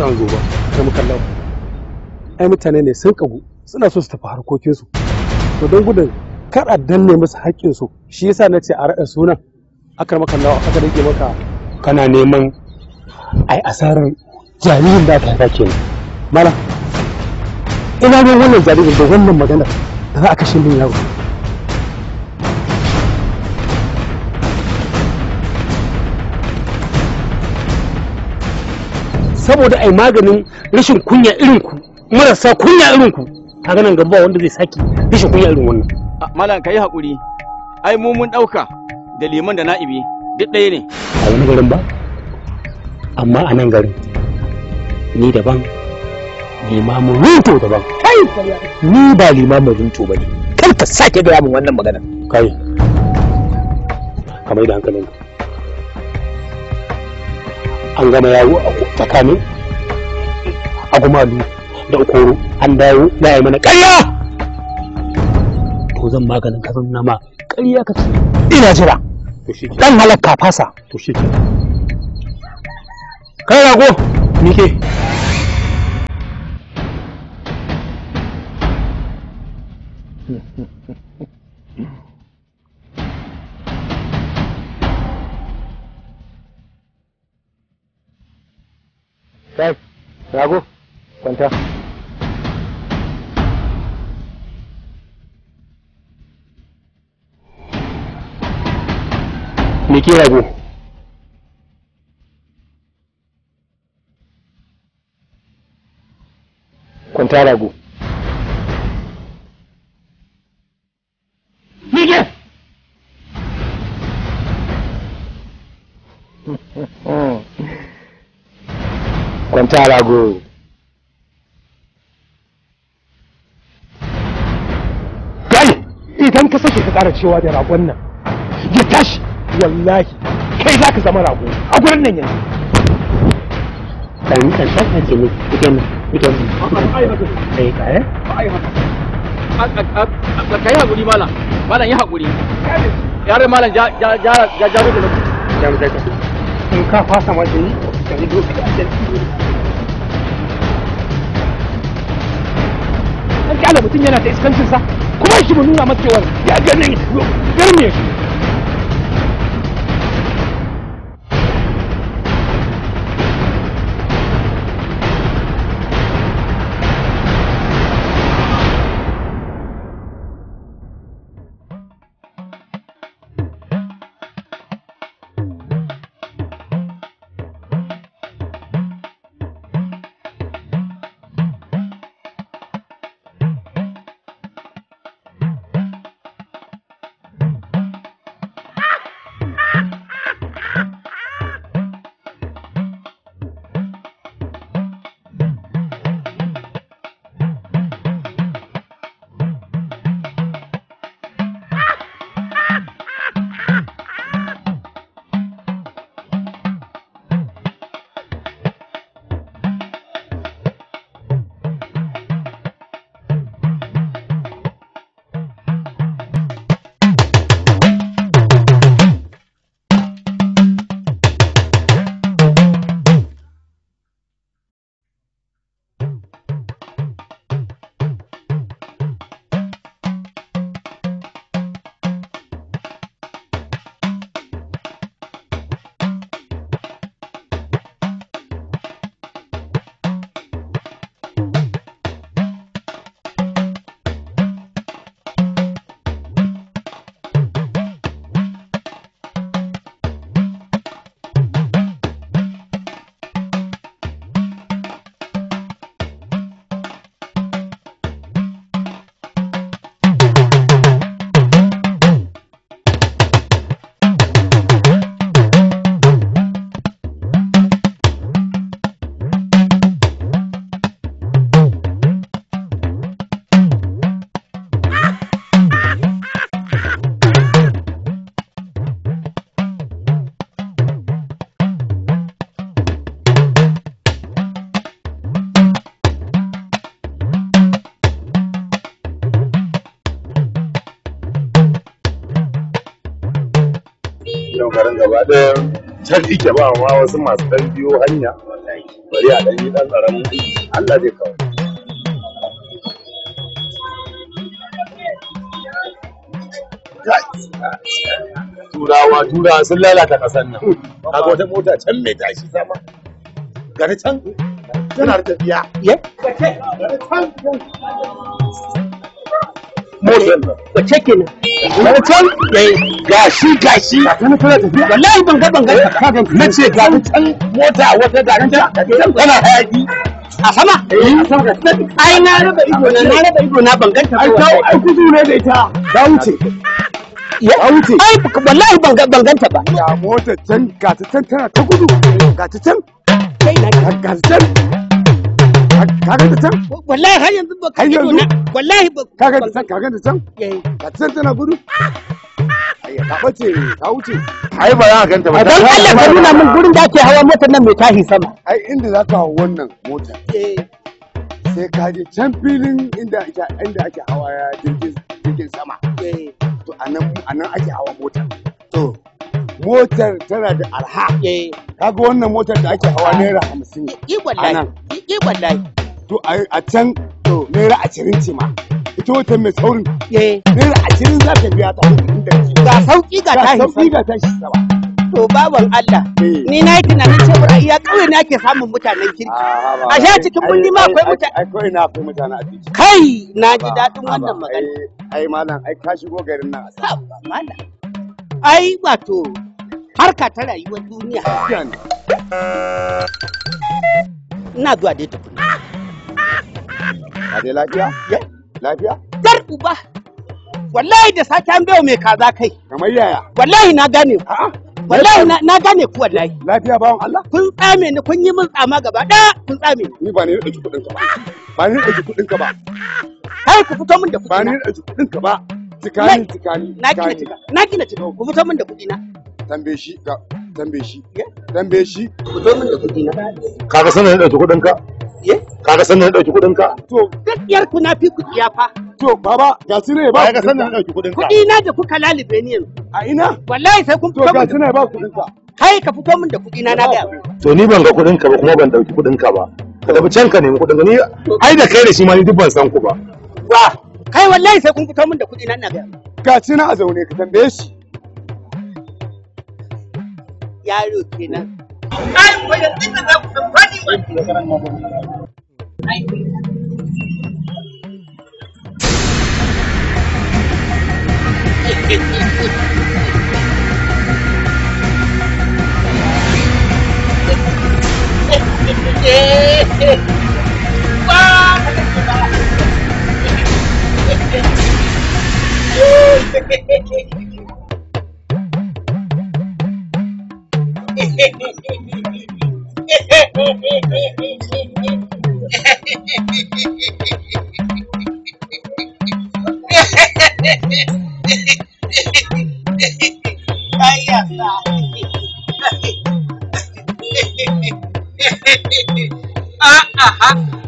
sa an zo ba sai mu kalla ai mutane ne sun kagu suna so su tafi harkokinsu to don gudun kar a danne musu haƙƙin su shi yasa na ce a raɗa sunan akar maka nawa aka rike maka kana neman ai asarar jaririn da aka ke ne mala ina ne wannan jaririn da wannan magana da za a kashe min yaro saboda yi maganin rashin kunya irin ku marasa kunya irin ku kaga nan gaba wanda zai saki rashin kunya irin wannan malam kai hakuri ai mu mun dauka da liman da na'ibi duk ɗaya ne a wani garin ba amma a nan garin ni daban limamin rinto daban kai ni ba limamin rinto ba ne kar ka sake gaya min wannan magana kai kamar da hankalinka an gama yawo a tsakanin agumalu da okoro an dawo na yi mana ƙarya to zan maganin ka nama ƙarya ka ce ina jira dan halakka fasa to shi ke kai rago nike Mm-hmm. Kai, rago, kwanta. Miki rago. Kwanta rago. kwanta rago kai idan ka sake ka ƙara cewa da ragon nan ya tashi wallahi kai za ka zama rago a gurin nan yanzu ɗan ɗan ɗan ce ne ike mu ike mu ai kare yi haƙuri malam malam ya haƙuri yare malam ja ja ja ja ja ja ja ja ja ja ja ja ja ja ja ja kyale mutum yana ta iskancinsa sa kuma shi mu nuna masa cewa ya ganin garme shi gaba ɗaya can ike ba ma wasu masu ɗan biyo hanya bari a ɗan yi ɗan Allah zai kawo. Turawa turawa sun lalata ƙasar nan. wata mota can mai tashi sama. Gari can tana da tafiya. Gari can. nan. kenan? wancan gashi wallahi ban ga ban ga na ce ga can mota wata ga can kana hayaki eh, a sama ai na raba ido na na raba ido na ban ganta ta ai kudu ne da ita ta wuce ya wuce ai wallahi ban ga ban ganta ba ya mota can ga ta can tana ta gudu ga ta can ga ta can ka ga ta can wallahi har yanzu ba ka ido na wallahi ba ka ga ta can ka ga ta can ka eh. ta can tana gudu ka bace ka wuce ai ba za ka ganta ba dan Allah ka nuna min gurin da ake hawa motar nan mai tahi sama ai inda za ka hawa wannan motar eh. sai ka je can filin inda ake inda ake hawa jirgin jirgin sama eh. to anan anan ake hawa motar to motar tana da arha eh. kaga wannan motar da ake hawa ah. naira hamsin a nan to a can to naira ashirin ce ma ita wata mai saurin eh. naira ashirin za ta biya ta hudu da ga sauki ga tashi sauki ga tashi sama to baban Allah eh. ni na yi tunanin cewa iya kawai na ke samun mutanen kirki ah, a sha cikin birni ma akwai mutane akwai na akwai mutane a cikin kai na ji daɗin wannan magana ai malam ai ka shigo garin nan a malam ai wato harka ta rayuwar duniya ina zuwa dai tukuna a dai lafiya lafiya dar uba wallahi da sake an bayo mai kaza kai kamar yaya wallahi na gane ku wallahi na gane ku wallahi lafiya bawon Allah kun tsame ni kun yi min tsama gaba da kun tsame ni ni ba ni da kudin ka ba ba ni da kudin ka ba kai ku fito min da kudin ba ni da kudin ka ba tikani tikani na gina tikani na gina tikani ku fito min da na. tambaye shi ka tambaye shi tambaye shi ku zo min da kuɗi na kaga sanin da kuɗin ka kaga sanin da dauki kuɗin ka to gaskiyar ku na fi ku fa to baba ga su ne ba ka sanin da dauki kuɗin ka kuɗi na da kuka lalibe ni yanzu a ina wallahi sai kun fito ga su ne ba kuɗin ka kai ka fito min da kuɗi na na ga to ni ban ga kuɗin ka ba kuma ban dauki kuɗin ka ba ka tafi can ka nemi kuɗin ka ni ai da kai da shi ma ni duk ban san ku ba wa kai wallahi sai kun fito min da kuɗi na na ga ga na a zaune ka tambaye shi yaro kenan kai ko yanzu da ku fadi Yeah. ah, ah, ah.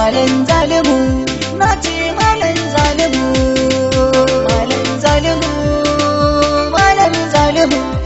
malam zalimu na ce malam zalimu malam zalimu malam zalimu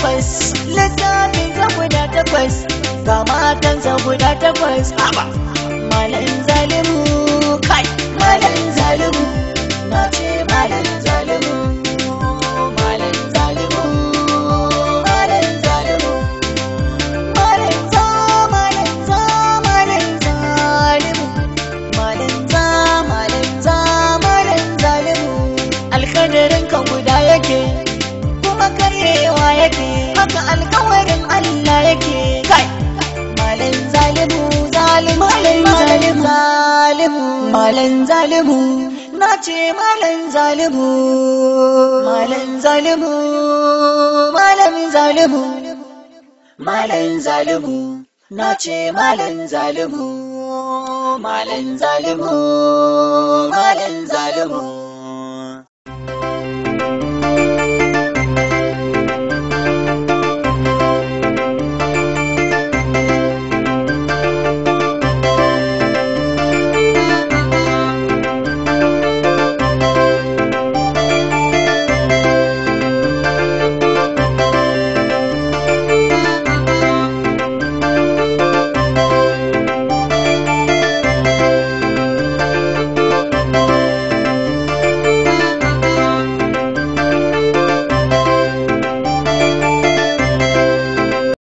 takwas littafin sa guda takwas ga matan sa guda takwas malin zalim zalim malam zalim zalimu na ce malam zalimu malam zalimu malam zalimu malam zalimu na ce malam zalimu malam zalimu malam zalimu